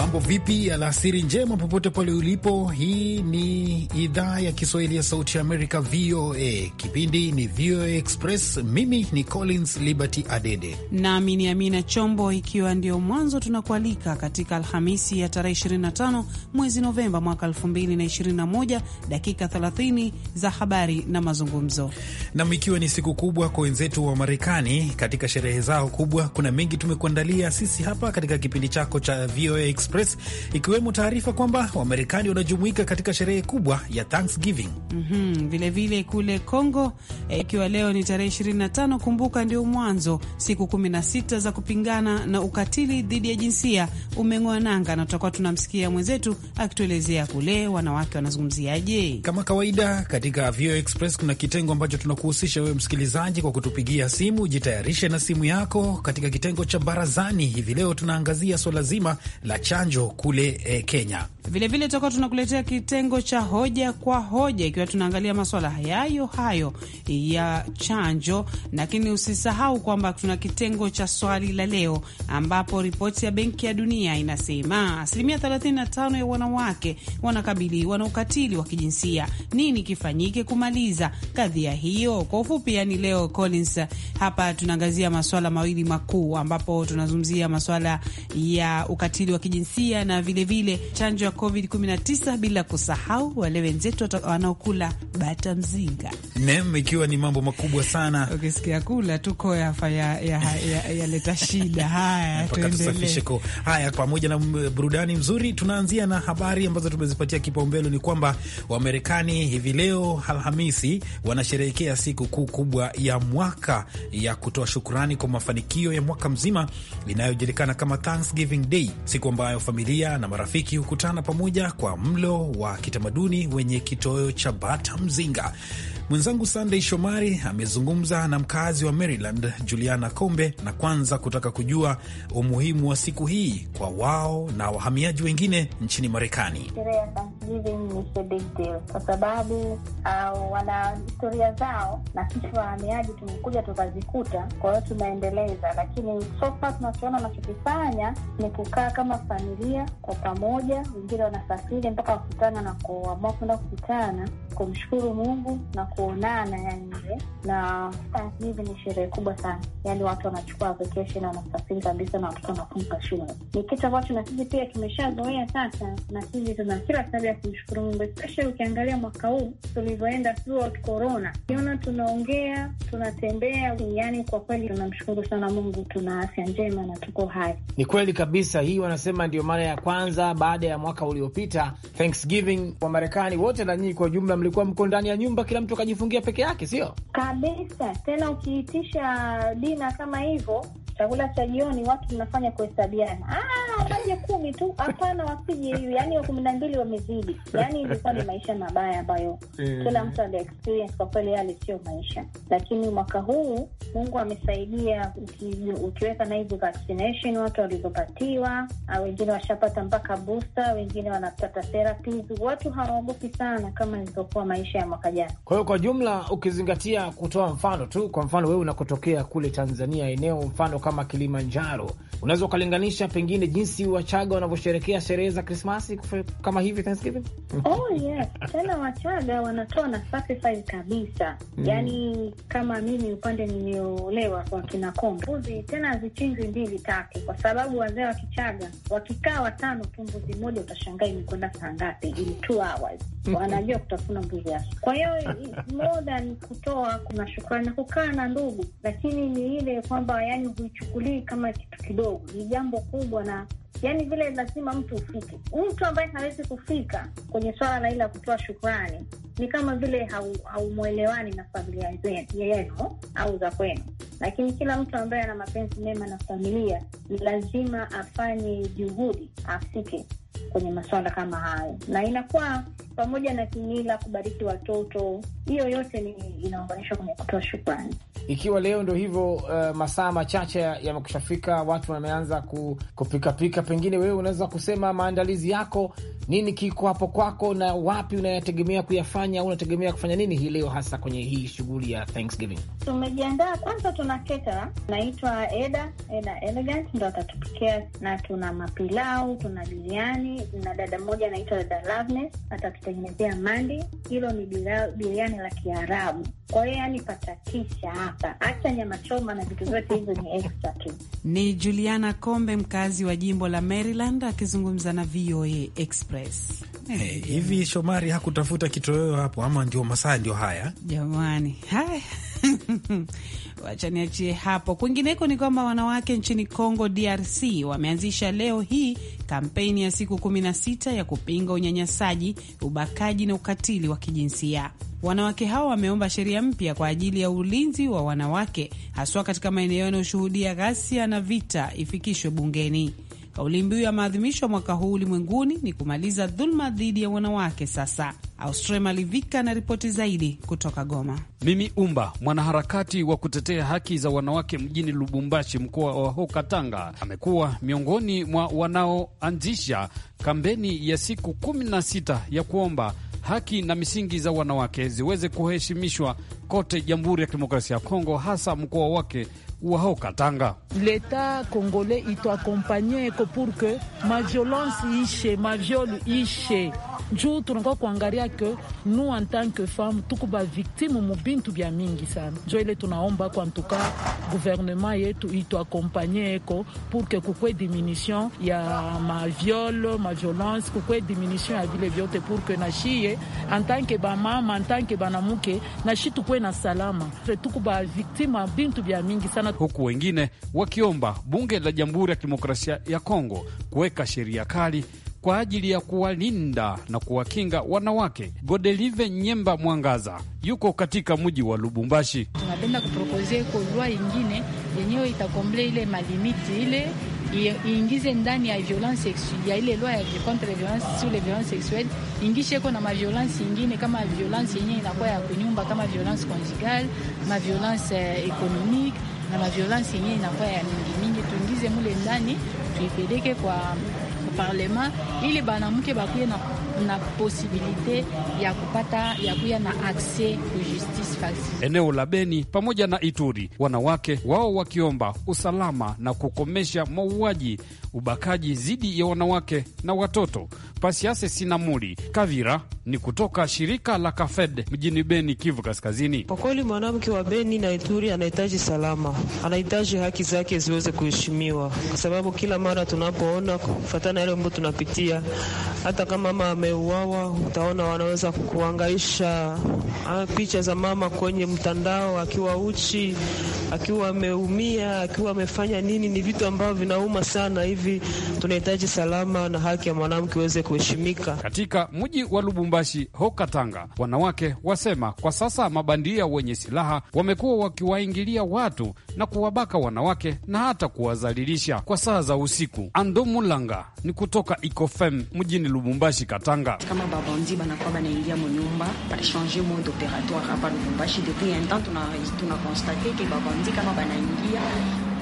Mambo vipi? Alasiri njema popote pale ulipo. Hii ni idhaa ya Kiswahili ya Sauti ya Amerika, VOA. Kipindi ni VOA Express. Mimi ni Collins Liberty Adede nami ni Amina Chombo, ikiwa ndio mwanzo tunakualika katika Alhamisi ya tarehe 25 mwezi Novemba mwaka 2021, dakika 30 za habari na mazungumzo, nam ikiwa ni siku kubwa kwa wenzetu wa Marekani katika sherehe zao kubwa. Kuna mengi tumekuandalia sisi hapa katika kipindi chako cha VOA Express Express, ikiwemo taarifa kwamba Wamarekani wanajumuika katika sherehe kubwa ya Thanksgiving. Mm -hmm. Vilevile kule Congo eh, ikiwa e, leo ni tarehe 25, kumbuka ndio mwanzo siku 16 za kupingana na ukatili dhidi ya jinsia umeng'oa nanga, na tutakuwa tunamsikia mwenzetu akituelezea kule wanawake wanazungumziaje. Kama kawaida katika VOA Express kuna kitengo ambacho tunakuhusisha wewe msikilizaji kwa kutupigia simu. Jitayarishe na simu yako katika kitengo cha barazani. Hivi leo tunaangazia swala zima la chanjo kule e, Kenya. Vilevile tutakuwa tunakuletea kitengo cha hoja kwa hoja, ikiwa tunaangalia maswala hayo hayo ya chanjo, lakini usisahau kwamba tuna kitengo cha swali la leo, ambapo ripoti ya Benki ya Dunia inasema asilimia 35 ya wanawake wanakabiliwa na ukatili wa kijinsia. Nini kifanyike kumaliza kadhia hiyo? Kwa ufupi, yani leo Collins, hapa tunaangazia maswala mawili makuu, ambapo tunazungumzia maswala ya ukatili wa kijinsia jinsia na vilevile vile chanjo ya COVID-19, bila kusahau wale wenzetu wanaokula bata mzinga nem, ikiwa ni mambo makubwa sana. Ukisikia okay, kula tuko yafa yaleta ya, ya, ya shida. Haya, tuendelee. Haya, pamoja na burudani mzuri, tunaanzia na habari ambazo tumezipatia kipaumbele. Ni kwamba Wamarekani hivi leo Alhamisi wanasherehekea siku kuu kubwa ya mwaka ya kutoa shukurani kwa mafanikio ya mwaka mzima inayojulikana kama Thanksgiving Day, siku ambayo ambayo familia na marafiki hukutana pamoja kwa mlo wa kitamaduni wenye kitoyo cha bata mzinga. Mwenzangu Sandey Shomari amezungumza na mkaazi wa Maryland Juliana Kombe, na kwanza kutaka kujua umuhimu wa siku hii kwa wao na wahamiaji wengine nchini Marekani. Sherehe ya Thanksgiving ni big deal kwa sababu uh, wana historia zao na sisi wahamiaji tumekuja tukazikuta, kwa hiyo tunaendeleza, lakini sofa tunachoona wanachokifanya ni kukaa kama familia kwa pamoja. Wengine wanasafiri mpaka wakutana na kuamua kwenda kukutana kumshukuru Mungu na ku kuonana yani nje, na sasa hivi ni sherehe kubwa sana, yani watu wanachukua vacation, wanasafiri kabisa na watoto wanafunga shule. Ni kitu ambacho na sisi pia tumeshazoea sasa, na sisi tuna kila sababu ya kumshukuru Mungu, especially ukiangalia mwaka huu tulivyoenda throughout corona, kiona tunaongea, tunatembea, yani kwa kweli tunamshukuru sana Mungu, tuna afya njema na tuko hai. Ni kweli kabisa, hii wanasema ndio mara ya kwanza baada ya mwaka uliopita Thanksgiving wa Marekani wote na nyinyi kwa jumla mlikuwa mko ndani ya nyumba, kila mtu atajifungia peke yake, sio kabisa. Tena ukiitisha dina kama hivyo, chakula cha jioni watu tunafanya kuhesabiana, ah, waje kumi tu, hapana, wasije hivi, yani wa kumi na mbili wamezidi. Yani ilikuwa ni maisha mabaya ambayo eh. kila mtu ali experience kwa kweli, yale sio maisha. Lakini mwaka huu Mungu amesaidia, ukiweka na hizi vaccination watu walizopatiwa, wengine washapata mpaka booster, wengine wanapata therapies, watu hawaogopi sana kama ilivyokuwa maisha ya mwaka jana. Kwa hiyo kwa jumla, ukizingatia kutoa mfano tu, kwa mfano wewe unakotokea kule Tanzania, eneo mfano kama kama Kilimanjaro, unaweza ukalinganisha pengine jinsi Wachaga wanavyosherekea sherehe za Krismasi kama hivi Thanksgiving? Oh, yes. Tena Wachaga wanatoa na sacrifice kabisa mm. Yani kama mimi upande niliolewa kwa kina Kombo, tena zichinjwi mbili tatu, kwa sababu wazee wa Kichaga wakikaa watano tu mbuzi moja utashangaa imekwenda saa ngapi, ili two hours mm-hmm. wanajua kutafuna mbuzi yake. Kwa hiyo more than kutoa kuna shukrani na kukaa na ndugu, lakini ni ile kwamba yani halichukulii kama kitu kidogo, ni jambo kubwa na yani vile lazima mtu ufike. Mtu ambaye hawezi kufika kwenye swala la ile ya kutoa shukrani ni kama vile haumwelewani hau na familia yenu au za kwenu, lakini kila mtu ambaye ana mapenzi mema na familia ni lazima afanye juhudi afike kwenye maswala kama hayo, na inakuwa pamoja na kimila, kubariki watoto, hiyo yote ni inaunganishwa kwenye kutoa shukrani ikiwa leo ndo hivyo, uh, masaa machache yamekushafika, watu wameanza kupikapika, pengine wewe unaweza kusema maandalizi yako nini, kiko hapo kwako na wapi unayategemea kuyafanya au unategemea kufanya nini hii leo, hasa kwenye hii shughuli ya Thanksgiving? Tumejiandaa, kwanza tuna naitwa Eda, Eda Elegant ndo atatupikia, na tuna mapilau, tuna biriani na dada mmoja anaitwa dada Loveness atatutengenezea mandi. Hilo ni biriani la Kiarabu, kwa hiyo yani patatisha nyama choma na vitu vyote ni extra tu. Ni Juliana Kombe, mkazi wa jimbo la Maryland, akizungumza na VOA Express. Eh, hey, hivi Shomari hakutafuta kitoweo hapo ama ndio masaa ndio haya jamani? Haya. Wacha niachie hapo. Kwingineko ni kwamba wanawake nchini Congo DRC wameanzisha leo hii kampeni ya siku 16 ya kupinga unyanyasaji, ubakaji na ukatili wa kijinsia. Wanawake hao wameomba sheria mpya kwa ajili ya ulinzi wa wanawake, haswa katika maeneo yanayoshuhudia ghasia na vita, ifikishwe bungeni. Kauli mbiu ya maadhimisho mwaka huu ulimwenguni ni kumaliza dhuluma dhidi ya wanawake. Sasa Austria Malivika na ripoti zaidi kutoka Goma. Mimi Umba, mwanaharakati wa kutetea haki za wanawake mjini Lubumbashi, mkoa wa Haut-Katanga, amekuwa miongoni mwa wanaoanzisha kampeni ya siku 16 ya kuomba haki na misingi za wanawake ziweze kuheshimishwa kote Jamhuri ya Kidemokrasia ya Kongo, hasa mkoa wake Waho hao Katanga. L'Etat congolais ituakompanye ko pour que maviolence ishe maviolu ishe juu tunakuwa kuangalia ke nu que femme tuku bavictime mubintu bya mingi sana, njo ile tunaomba kwa ntuka gouvernement yetu ituakompanye eko pour que kukwe diminution ya maviole maviolence, kukwe diminution ya vile vyote pour que nashiye en tant que banamuke nashi tukwe na salama victime bavictime bintu bya mingi sana huku wengine wakiomba bunge la Jamhuri ya Kidemokrasia ya Kongo kuweka sheria kali kwa ajili ya kuwalinda na kuwakinga wanawake. Godelive Nyemba Mwangaza yuko katika mji wa Lubumbashi. tunapenda kupropozie kolwa ingine yenyewe itakomble ile malimiti ile iingize ndani ya violence sexuelle ya ile loi ya contre violence sur les violences sexuelles ingishe ko na maviolence ingine kama violence yenyewe inakuwa ya kunyumba kama violence conjugale, maviolence economique eh, na maviolensi yenyewe inakuwa ya mingi mingi, tuingize mule ndani tuipeleke kwa parlema ili banamke bakuye na kuna posibilite ya kupata ya kuya na akse ku justice fasi. Eneo la Beni pamoja na Ituri, wanawake wao wakiomba usalama na kukomesha mauaji, ubakaji dhidi ya wanawake na watoto. Pasiase Sinamuli Kavira ni kutoka shirika la Kafed mjini Beni, Kivu Kaskazini. Kwa kweli mwanamke wa Beni na Ituri anahitaji salama, anahitaji haki zake ziweze kuheshimiwa, kwa sababu kila mara tunapoona kufatana yale ambayo tunapitia, hata kama mama anayeuawa, utaona wanaweza kuangaisha ah, picha za mama kwenye mtandao akiwa uchi, akiwa ameumia, akiwa amefanya nini. Ni vitu ambavyo vinauma sana. Hivi tunahitaji salama na haki ya mwanamke iweze kuheshimika katika mji wa Lubumbashi. Hokatanga, wanawake wasema kwa sasa mabandia wenye silaha wamekuwa wakiwaingilia watu na kuwabaka wanawake na hata kuwazalilisha kwa saa za usiku. Andomulanga ni kutoka Ikofem mjini Lubumbashi, Katanga. Katanga. Kama babandi banakuwa banaingia munyumba bashange mode operatoire hapa Lubumbashi depuis un temps, tuna tuna constate ke babandi kama banaingia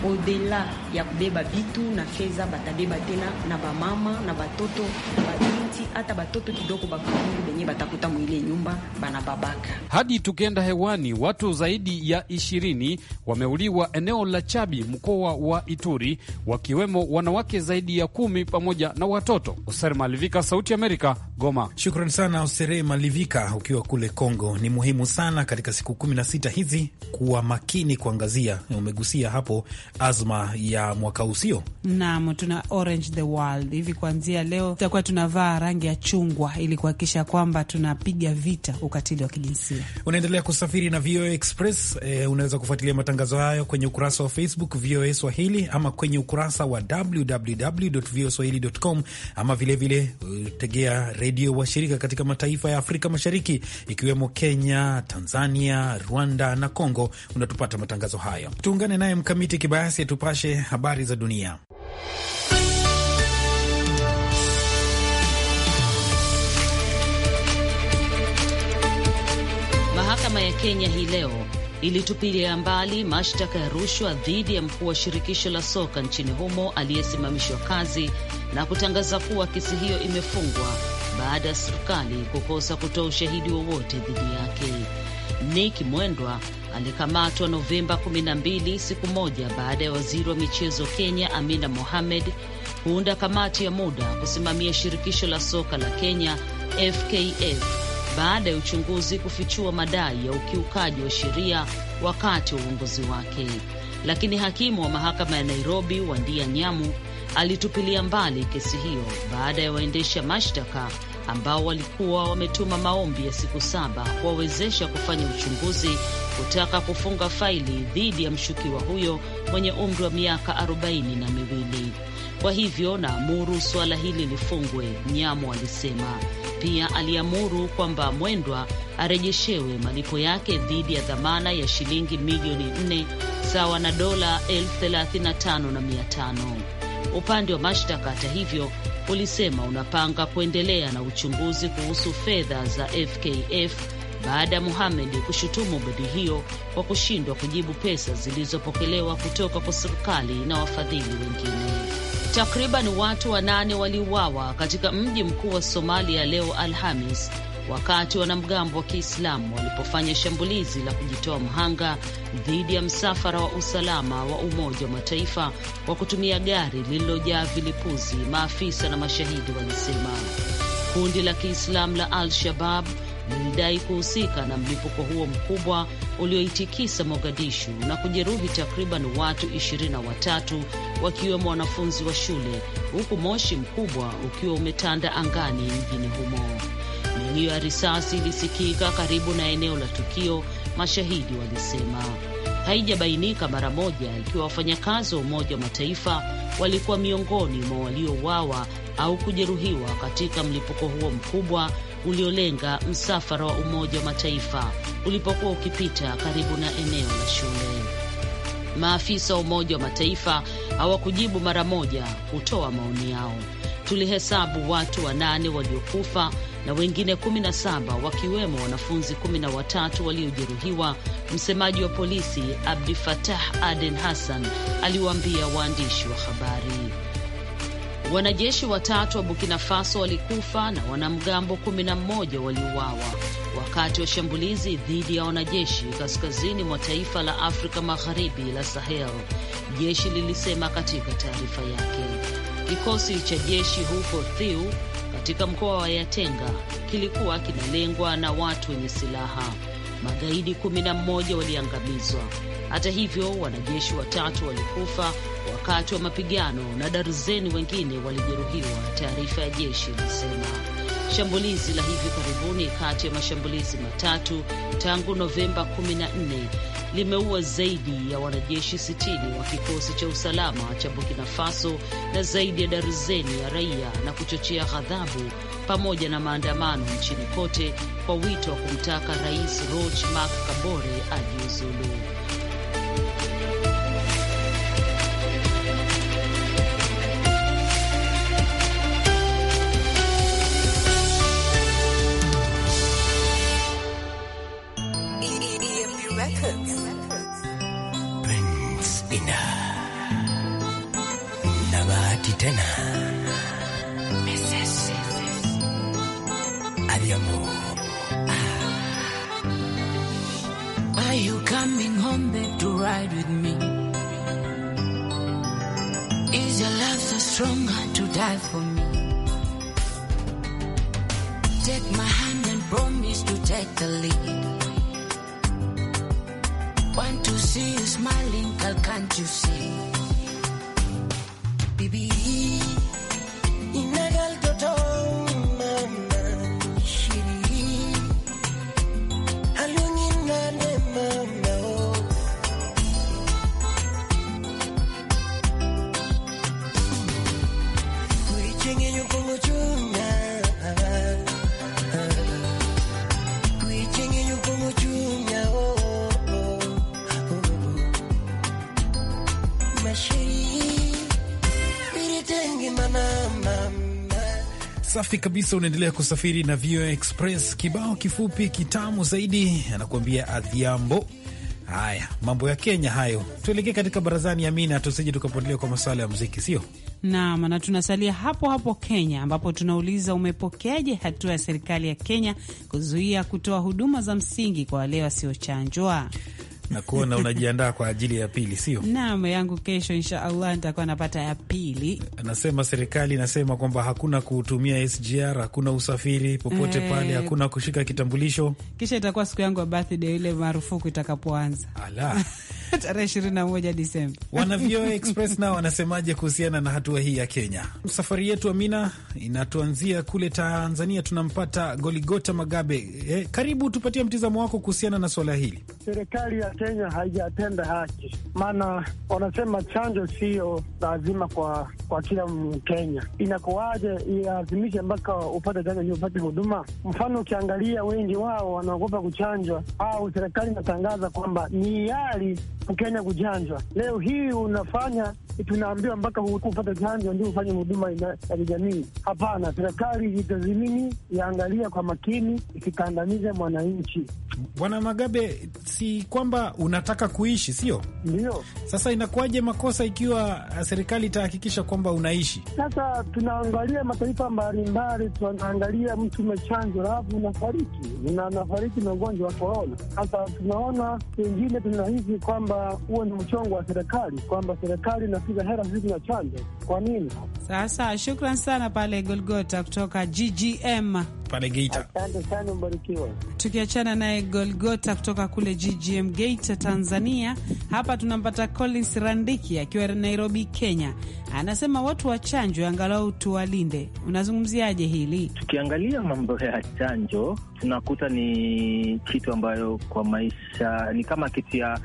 odela ya kubeba vitu na fedha, batabeba tena na bamama na batoto babinti, hata batoto kidogo bakungu benye batakuta mwile nyumba babaka. Hadi tukienda hewani, watu zaidi ya ishirini wameuliwa eneo la Chabi, mkoa wa Ituri, wakiwemo wanawake zaidi ya kumi pamoja na watoto. Oser Malivika, Sauti Amerika, Goma. Shukran sana Osere Malivika, ukiwa kule Congo. Ni muhimu sana katika siku 16 hizi kuwa makini kuangazia, umegusia hapo azma ya mwaka usio. nam, tuna Orange the World hivi, kuanzia leo tutakuwa tunavaa rangi ya chungwa ili kuhakikisha kwamba tunapiga vita ukatili wa kijinsia. Unaendelea kusafiri na VOA Express. E, unaweza kufuatilia matangazo hayo kwenye ukurasa wa Facebook VOA Swahili ama kwenye ukurasa wa www voaswahili.com ama vilevile eh, tegea redio washirika katika mataifa ya Afrika Mashariki ikiwemo Kenya, Tanzania, Rwanda na Kongo. Unatupata matangazo hayo. Tuungane naye Mkamiti Kibayasi atupashe habari za dunia. Mahakama ya Kenya hii leo ilitupilia mbali mashtaka ya rushwa dhidi ya mkuu wa shirikisho la soka nchini humo aliyesimamishwa kazi na kutangaza kuwa kesi hiyo imefungwa baada ya serikali kukosa kutoa ushahidi wowote dhidi yake. Nick Mwendwa alikamatwa Novemba 12 siku moja baada ya waziri wa michezo Kenya Amina Mohamed kuunda kamati ya muda kusimamia shirikisho la soka la Kenya FKF baada ya uchunguzi kufichua madai ya ukiukaji wa sheria wakati wa uongozi wake. Lakini hakimu wa mahakama ya Nairobi Wandia Nyamu alitupilia mbali kesi hiyo baada ya waendesha mashtaka ambao walikuwa wametuma maombi ya siku saba kuwawezesha kufanya uchunguzi kutaka kufunga faili dhidi ya mshukiwa huyo mwenye umri wa miaka arobaini na miwili. Kwa hivyo naamuru suala hili lifungwe, Nyamo alisema. Pia aliamuru kwamba mwendwa arejeshewe malipo yake dhidi ya dhamana ya shilingi milioni nne sawa na dola elfu thelathini na tano na mia tano. Upande wa mashtaka, hata hivyo, ulisema unapanga kuendelea na uchunguzi kuhusu fedha za FKF baada ya Muhamed kushutumu bodi hiyo kwa kushindwa kujibu pesa zilizopokelewa kutoka kwa serikali na wafadhili wengine. Takriban watu wanane waliuawa katika mji mkuu wa Somalia leo Alhamis wakati wanamgambo wa Kiislamu walipofanya shambulizi la kujitoa mhanga dhidi ya msafara wa usalama wa Umoja wa Mataifa wa kutumia gari lililojaa vilipuzi, maafisa na mashahidi walisema. Kundi la Kiislamu la Al-Shabab lilidai kuhusika na mlipuko huo mkubwa ulioitikisa Mogadishu na kujeruhi takriban watu watatu wakiwemo wanafunzi wa shule, huku moshi mkubwa ukiwa umetanda angani mjini humo. Milio ya risasi ilisikika karibu na eneo la tukio, mashahidi walisema. Haijabainika mara moja ikiwa wafanyakazi wa Umoja wa Mataifa walikuwa miongoni mwa waliouawa au kujeruhiwa katika mlipuko huo mkubwa uliolenga msafara wa Umoja wa Mataifa ulipokuwa ukipita karibu na eneo la shule. Maafisa wa Umoja wa Mataifa hawakujibu mara moja kutoa maoni yao tulihesabu watu wanane waliokufa na wengine 17 wakiwemo wanafunzi 13 waliojeruhiwa. Msemaji wa polisi Abdi Fatah Aden Hassan aliwaambia waandishi wa habari. Wanajeshi watatu wa Burkina Faso walikufa na wanamgambo 11 waliuawa wakati wa shambulizi dhidi ya wanajeshi kaskazini mwa taifa la Afrika Magharibi la Sahel, jeshi lilisema katika taarifa yake. Kikosi cha jeshi huko Thiu katika mkoa wa Yatenga kilikuwa kinalengwa na watu wenye silaha. Magaidi 11 waliangamizwa. Hata hivyo, wanajeshi watatu walikufa wakati wa mapigano na darzeni wengine walijeruhiwa, taarifa ya jeshi ilisema. Shambulizi la hivi karibuni kati ya mashambulizi matatu tangu Novemba 14 limeua zaidi ya wanajeshi 60 wa kikosi cha usalama cha Burkina Faso na zaidi ya darzeni ya raia na kuchochea ghadhabu pamoja na maandamano nchini kote kwa wito wa kumtaka Rais Roch Marc Kabore ajiuzulu. smiling, girl, can't you see? Baby. kabisa, unaendelea kusafiri na VOA Express. Kibao kifupi kitamu zaidi anakuambia Adhiambo. Haya, mambo ya Kenya hayo. Tuelekee katika barazani ya Mina, tusije tukapotelea kwa masuala ya muziki, sio nam. Na tunasalia hapo hapo Kenya, ambapo tunauliza umepokeaje hatua ya serikali ya Kenya kuzuia kutoa huduma za msingi kwa wale wasiochanjwa? na kuona unajiandaa kwa ajili ya pili, sio nam yangu kesho, insha allah nitakuwa napata ya pili. Anasema serikali inasema kwamba hakuna kutumia SGR, hakuna usafiri popote hey, eh. pale hakuna kushika kitambulisho, kisha itakuwa siku yangu ya birthday ile marufuku itakapoanza. Ala tarehe Wana VOA Express nao wanasemaje kuhusiana na hatua hii ya Kenya? Safari yetu Amina inatuanzia kule Tanzania, tunampata Goligota Magabe. Eh, karibu tupatie mtizamo wako kuhusiana na swala hili. Serikali ya Kenya haijatenda haki, maana wanasema chanjo siyo lazima kwa kwa kila Mkenya. Inakuwaje ilazimishe mpaka upate chanjo ndio upate huduma? Mfano, ukiangalia wengi wao wanaogopa kuchanjwa, au serikali inatangaza kwamba ni yali Mkenya kujanjwa. Leo hii unafanya tunaambiwa mpaka kupata chanjo ndio ufanye huduma ya kijamii. Hapana, serikali itazimini, yaangalia kwa makini, isikandamize mwananchi. Bwana Magabe, si kwamba unataka kuishi, sio ndio? Sasa inakuwaje makosa ikiwa uh, serikali itahakikisha kwamba unaishi? Sasa tunaangalia mataifa mbalimbali, tunaangalia mtu umechanjwa alafu unafariki, nafariki na ugonjwa wa korona. Sasa tunaona pengine tunahisi kwamba huo ni mchongo wa serikali, kwamba serikali na kuambukiza hera zidi na chanjo. Kwa nini sasa? Shukran sana pale Golgota kutoka GGM pale Geita. Asante sana, Tukiachana naye Golgota kutoka kule GGM Geita, Tanzania, hapa tunampata Collins Randiki akiwa Nairobi, Kenya. Anasema watu wa chanjo angalau tuwalinde. Unazungumziaje hili? Tukiangalia mambo ya chanjo tunakuta ni kitu ambayo kwa maisha ni kama kitu ya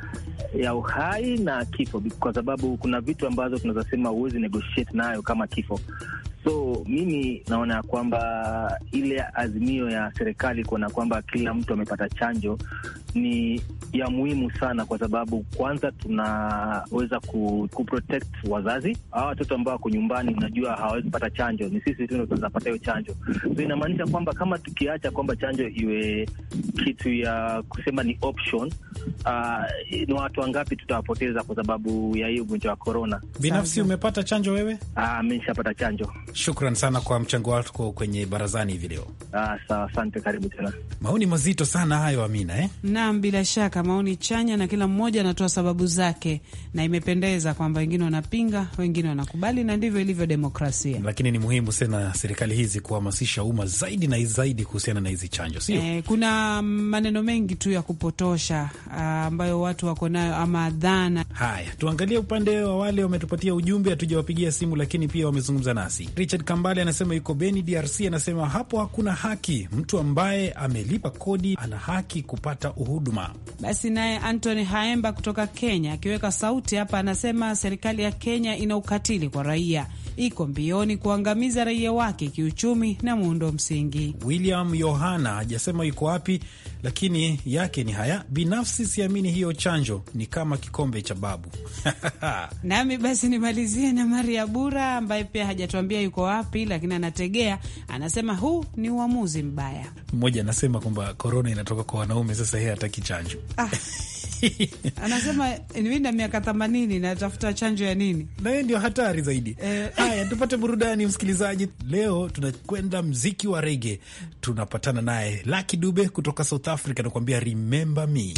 ya uhai na kifo, kwa sababu kuna vitu ambazo tunazasema huwezi negotiate nayo kama kifo. So mimi naona ya kwamba ile azimio ya serikali kuona kwamba kila mtu amepata chanjo ni ya muhimu sana, kwa sababu kwanza tunaweza ku, wazazi. Hawa watoto ambao wako nyumbani, unajua hawawezi kupata chanjo, ni sisi tu tunaweza hiyo chanjo. So inamaanisha kwamba kama tukiacha kwamba chanjo iwe kitu ya kusema ni option, uh, ni watu wangapi tutawapoteza kwa sababu ya hii ugonjwa wa korona. Binafsi umepata chanjo wewe? Uh, ah, mi nishapata chanjo. Shukran sana kwa mchango wako kwenye barazani hivi leo. Uh, sawa, asante, karibu tena. Maoni mazito sana hayo, Amina eh? Na Naam, bila shaka maoni chanya na kila mmoja anatoa sababu zake, na imependeza kwamba wengine wanapinga, wengine wanakubali, na ndivyo ilivyo demokrasia. Lakini ni muhimu sana serikali hizi kuhamasisha umma zaidi na zaidi kuhusiana na hizi chanjo, sio eh? Kuna maneno mengi tu ya kupotosha ah, ambayo watu wako nayo ama dhana. Haya, tuangalie upande wa wale wametupatia ujumbe, hatujawapigia simu, lakini pia wamezungumza nasi. Richard Kambale anasema yuko Beni, DRC, anasema hapo hakuna haki, mtu ambaye amelipa kodi ana haki kupata uhuru huduma. Basi naye antony Haemba kutoka Kenya akiweka sauti hapa, anasema serikali ya Kenya ina ukatili kwa raia, iko mbioni kuangamiza raia wake kiuchumi na muundo msingi. William Yohana hajasema iko wapi, lakini yake ni haya, binafsi siamini hiyo chanjo ni kama kikombe cha babu. Nami basi nimalizie na Maria Bura ambaye pia hajatuambia yuko wapi, lakini anategea, anasema huu ni uamuzi mbaya. Mmoja anasema kwamba korona inatoka kwa wanaume, sasa yeye hataki chanjo. Ah. anasema na miaka themanini natafuta chanjo ya nini? Na hiyo ndio hatari zaidi. Eh. Haya, tupate burudani msikilizaji. Leo tunakwenda mziki wa rege, tunapatana naye Lucky Dube kutoka South Africa, nakuambia remember me.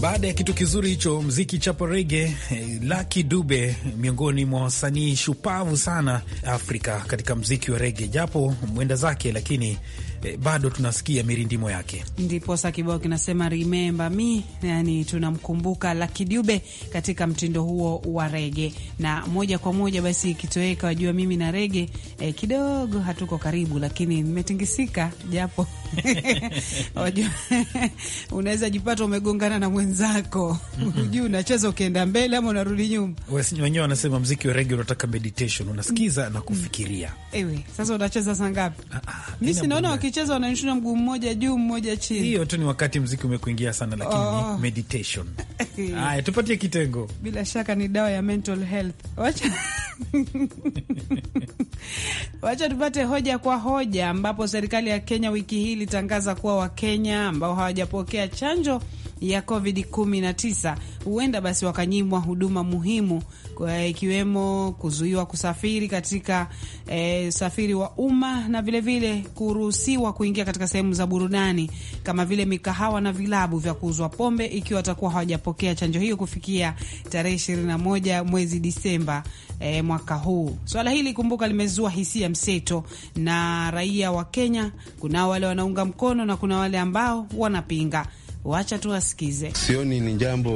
Baada ya kitu kizuri hicho, mziki chapo rege, eh, Lucky Dube miongoni mwa wasanii shupavu sana Afrika katika mziki wa rege, japo mwenda zake lakini eh, bado tunasikia mirindimo yake. Ndiposa kibao kinasema remember me, yani tunamkumbuka Lucky Dube katika mtindo huo wa rege, na moja kwa moja basi ikitoweka, wajua mimi na rege eh, kidogo hatuko karibu, lakini nimetingisika japo unaweza jipata umegongana na mwenzako mm -mm. unacheza ukienda mbele ama unarudi nyuma. Wenyewe wanasema mziki wa rege unataka meditation, unasikiza mm -mm. na kufikiria. Ewe sasa unacheza saa ngapi? Ah, ah, Mi sinaona ukicheza unashusha mguu mmoja juu mmoja chini. Hiyo tu ni wakati mziki umekuingia sana, lakini oh, meditation. Haya, tupatie kitengo. Bila shaka ni dawa ya mental health. Wacha wacha tupate hoja kwa hoja, ambapo serikali ya Kenya wiki hii ilitangaza kuwa Wakenya ambao hawajapokea chanjo ya COVID-19, huenda basi wakanyimwa huduma muhimu kwa ikiwemo kuzuiwa kusafiri katika e, usafiri wa umma na vilevile kuruhusiwa kuingia katika sehemu za burudani kama vile mikahawa na vilabu vya kuuzwa pombe ikiwa watakuwa hawajapokea chanjo hiyo kufikia tarehe 21 mwezi Disemba e, mwaka huu. Swala hili kumbuka, limezua hisia mseto na raia wa Kenya. Kuna wale wanaunga mkono na kuna wale ambao wanapinga wacha tu wasikize. Sioni ni jambo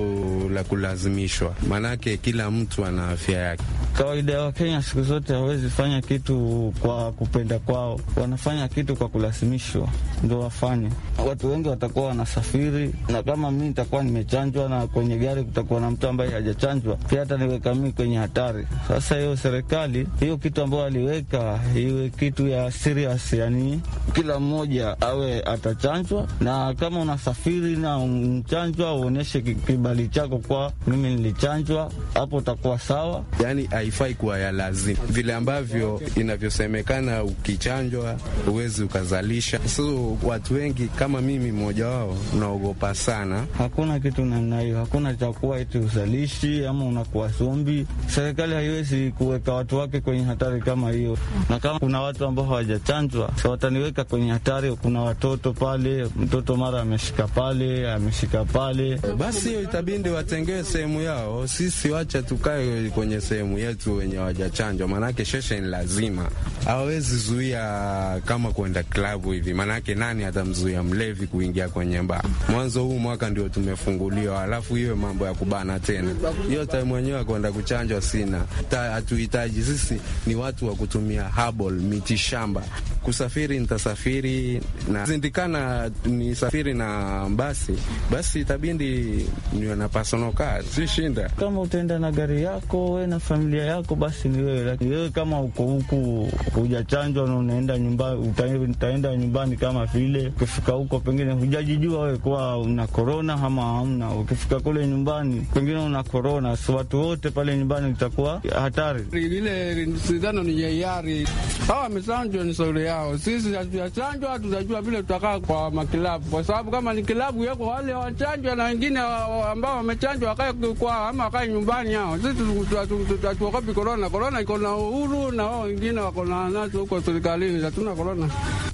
la kulazimishwa, maanake kila mtu ana afya yake. Kawaida ya Wakenya siku zote hawezi fanya kitu kwa kupenda kwao, wanafanya kitu kwa kulazimishwa ndo wafanye. Watu wengi watakuwa wanasafiri, na kama mi nitakuwa nimechanjwa na kwenye gari kutakuwa na mtu ambaye hajachanjwa, pia hata niweka mi kwenye hatari. Sasa hiyo serikali hiyo kitu ambayo aliweka iwe kitu ya serious, yani kila mmoja awe atachanjwa, na kama unasafiri na mchanjwa uonyeshe kibali chako, kwa mimi nilichanjwa, hapo utakuwa sawa. Yani haifai kuwa ya lazima vile ambavyo inavyosemekana, ukichanjwa huwezi ukazalisha. So watu wengi kama mimi mmoja wao naogopa sana. Hakuna kitu namna hiyo, hakuna chakuwa eti uzalishi ama unakuwa zombi. Serikali haiwezi kuweka watu wake kwenye hatari kama hiyo, na kama kuna watu ambao hawajachanjwa, so wataniweka kwenye hatari. Kuna watoto pale, mtoto mara ameshika pale pale, ameshika pale, basi itabidi watengee sehemu yao. Sisi wacha tukae kwenye sehemu yetu wenye wajachanjwa, maanake sheshe ni lazima, hawezi zuia kama kwenda klabu hivi, maanake nani atamzuia mlevi kuingia kwenye ba Mwanzo huu mwaka ndio tumefunguliwa, alafu iwe mambo ya kubana tena. Hiyo time wenyewe akwenda kuchanjwa sina, hatuhitaji sisi, ni watu wa kutumia herbal, miti shamba kusafiri nitasafiri, na zindikana safiri na basi basi, itabidi niwe na personal car, si shinda. Kama utaenda na gari yako we na familia yako, basi ni wewe, lakini wewe kama uko huku hujachanjwa na unaenda nyumbani, utaenda nyumbani kama vile ukifika huko, pengine hujajijua wewe kuwa una korona ama hamna. Ukifika kule nyumbani, pengine una korona, si watu wote pale nyumbani litakuwa hatari. Lile sidhano ni yeyari hawa amechanjwa ni sauri yao. Sisi hatujachanjwa, tutajua vile tutakaa kwa makilabu, kwa sababu kama ni kilabu yako wale wachanjwa na wengine ambao wamechanjwa wakae kwao ama wakae nyumbani yao. Sisi hatuogopi korona. Korona iko na uhuru na wao wengine wako na nazo huko serikalini, hatuna korona.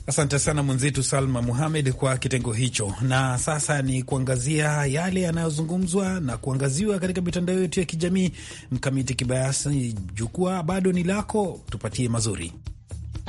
Asante sana mwenzetu Salma Muhamed kwa kitengo hicho. Na sasa ni kuangazia yale yanayozungumzwa na kuangaziwa katika mitandao yetu ya kijamii. Mkamiti Kibayasi, jukwaa bado ni lako, tupatie mazuri.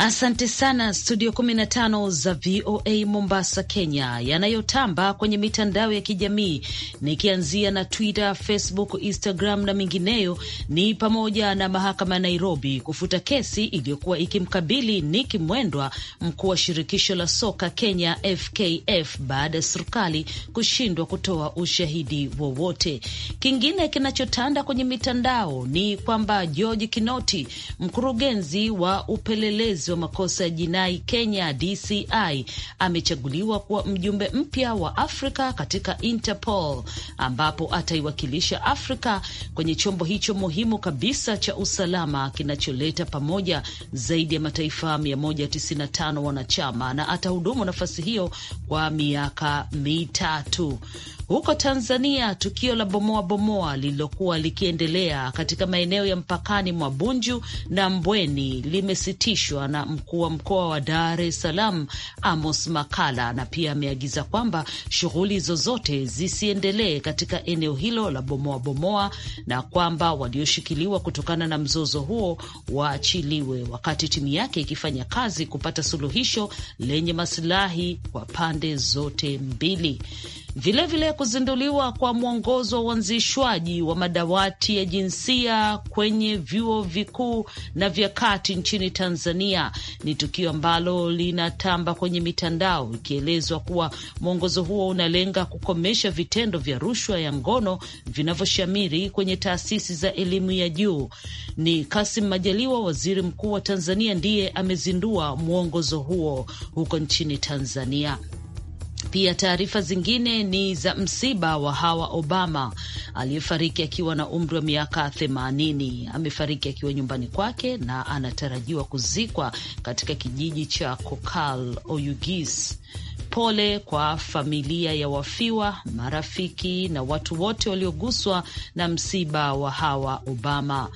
Asante sana studio 15 za VOA Mombasa, Kenya, yanayotamba kwenye mitandao ya kijamii nikianzia na Twitter, Facebook, Instagram na mingineyo ni pamoja na mahakama ya Nairobi kufuta kesi iliyokuwa ikimkabili Nick Mwendwa, mkuu wa shirikisho la soka Kenya FKF, baada ya serikali kushindwa kutoa ushahidi wowote. Kingine kinachotanda kwenye mitandao ni kwamba George Kinoti, mkurugenzi wa upelelezi wa makosa ya jinai Kenya DCI amechaguliwa kuwa mjumbe mpya wa Afrika katika Interpol ambapo ataiwakilisha Afrika kwenye chombo hicho muhimu kabisa cha usalama kinacholeta pamoja zaidi ya mataifa 195 wanachama na atahudumu nafasi hiyo kwa miaka mitatu. Huko Tanzania, tukio la bomoa bomoa lililokuwa likiendelea katika maeneo ya mpakani mwa Bunju na Mbweni limesitishwa na mkuu wa mkoa wa Dar es Salaam Amos Makala, na pia ameagiza kwamba shughuli zozote zisiendelee katika eneo hilo la bomoa bomoa, na kwamba walioshikiliwa kutokana na mzozo huo waachiliwe, wakati timu yake ikifanya kazi kupata suluhisho lenye masilahi kwa pande zote mbili. Vilevile vile kuzinduliwa kwa mwongozo wa uanzishwaji wa madawati ya jinsia kwenye vyuo vikuu na vya kati nchini Tanzania ni tukio ambalo linatamba kwenye mitandao, ikielezwa kuwa mwongozo huo unalenga kukomesha vitendo vya rushwa ya ngono vinavyoshamiri kwenye taasisi za elimu ya juu. Ni Kasim Majaliwa, waziri mkuu wa Tanzania, ndiye amezindua mwongozo huo huko nchini Tanzania. Pia taarifa zingine ni za msiba wa Hawa Obama aliyefariki akiwa na umri wa miaka themanini. Amefariki akiwa nyumbani kwake na anatarajiwa kuzikwa katika kijiji cha Kokal Oyugis Pole kwa familia ya wafiwa, marafiki na watu wote walioguswa na msiba wa Hawa Obama.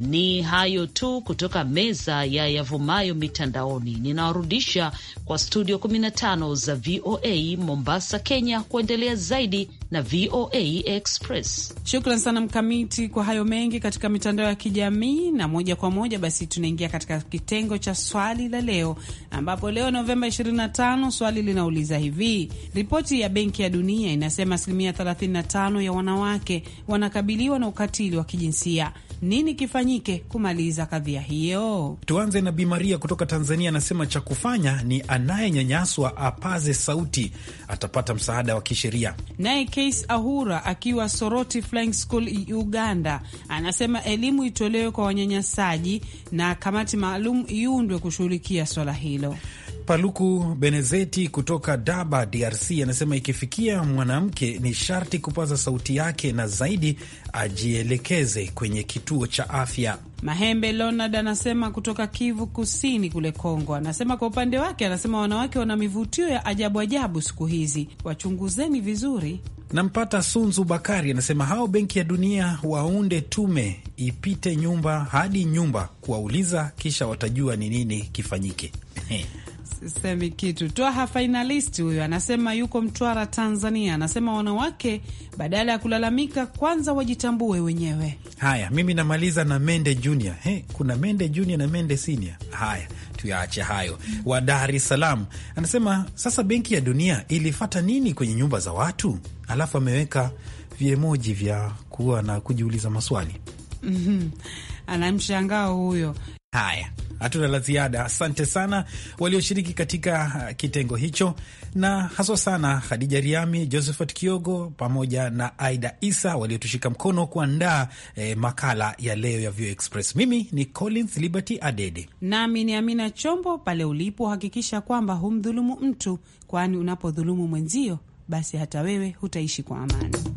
Ni hayo tu kutoka meza ya yavumayo mitandaoni. Ninawarudisha kwa studio 15 za VOA Mombasa, Kenya, kuendelea zaidi na VOA Express. Shukran sana Mkamiti kwa hayo mengi katika mitandao ya kijamii, na moja kwa moja basi tunaingia katika kitengo cha swali la leo, ambapo leo Novemba 25 swali linauliza hivi: ripoti ya Benki ya Dunia inasema asilimia 35 ya wanawake wanakabiliwa na ukatili wa kijinsia nini kifanyike kumaliza kadhia hiyo? Tuanze na Bi Maria kutoka Tanzania, anasema cha kufanya ni anayenyanyaswa apaze sauti, atapata msaada wa kisheria. Naye Case Ahura akiwa Soroti Flying School Uganda anasema elimu itolewe kwa wanyanyasaji na kamati maalum iundwe kushughulikia swala hilo. Paluku Benezeti kutoka Daba, DRC, anasema ikifikia mwanamke ni sharti kupaza sauti yake na zaidi ajielekeze kwenye kituo cha afya. Mahembe Leonard anasema kutoka Kivu Kusini kule Kongo, anasema kwa upande wake, anasema wanawake wana mivutio ya ajabu ajabu siku hizi, wachunguzeni vizuri. Nampata Sunzu Bakari anasema hao Benki ya Dunia waunde tume ipite nyumba hadi nyumba kuwauliza, kisha watajua ni nini kifanyike. semi kitu. Twaha finalist huyo anasema yuko Mtwara, Tanzania. Anasema wanawake badala ya kulalamika, kwanza wajitambue wenyewe. Haya, mimi namaliza na Mende Junior. Hey, kuna Mende Junior na Mende Senior. Haya, tuyaache hayo. Wa Dar es Salaam anasema sasa Benki ya Dunia ilifata nini kwenye nyumba za watu? Alafu ameweka viemoji vya kuwa na kujiuliza maswali. Mhm. Ana mshangao huyo. Haya, hatuna la ziada. Asante sana walioshiriki katika uh, kitengo hicho, na haswa sana Khadija Riami, Josephat Kiogo pamoja na Aida Isa waliotushika mkono kuandaa eh, makala ya leo ya Vio Express. Mimi ni Collins Liberty Adede nami ni Amina Chombo. Pale ulipo hakikisha kwamba humdhulumu mtu, kwani unapodhulumu mwenzio, basi hata wewe hutaishi kwa amani.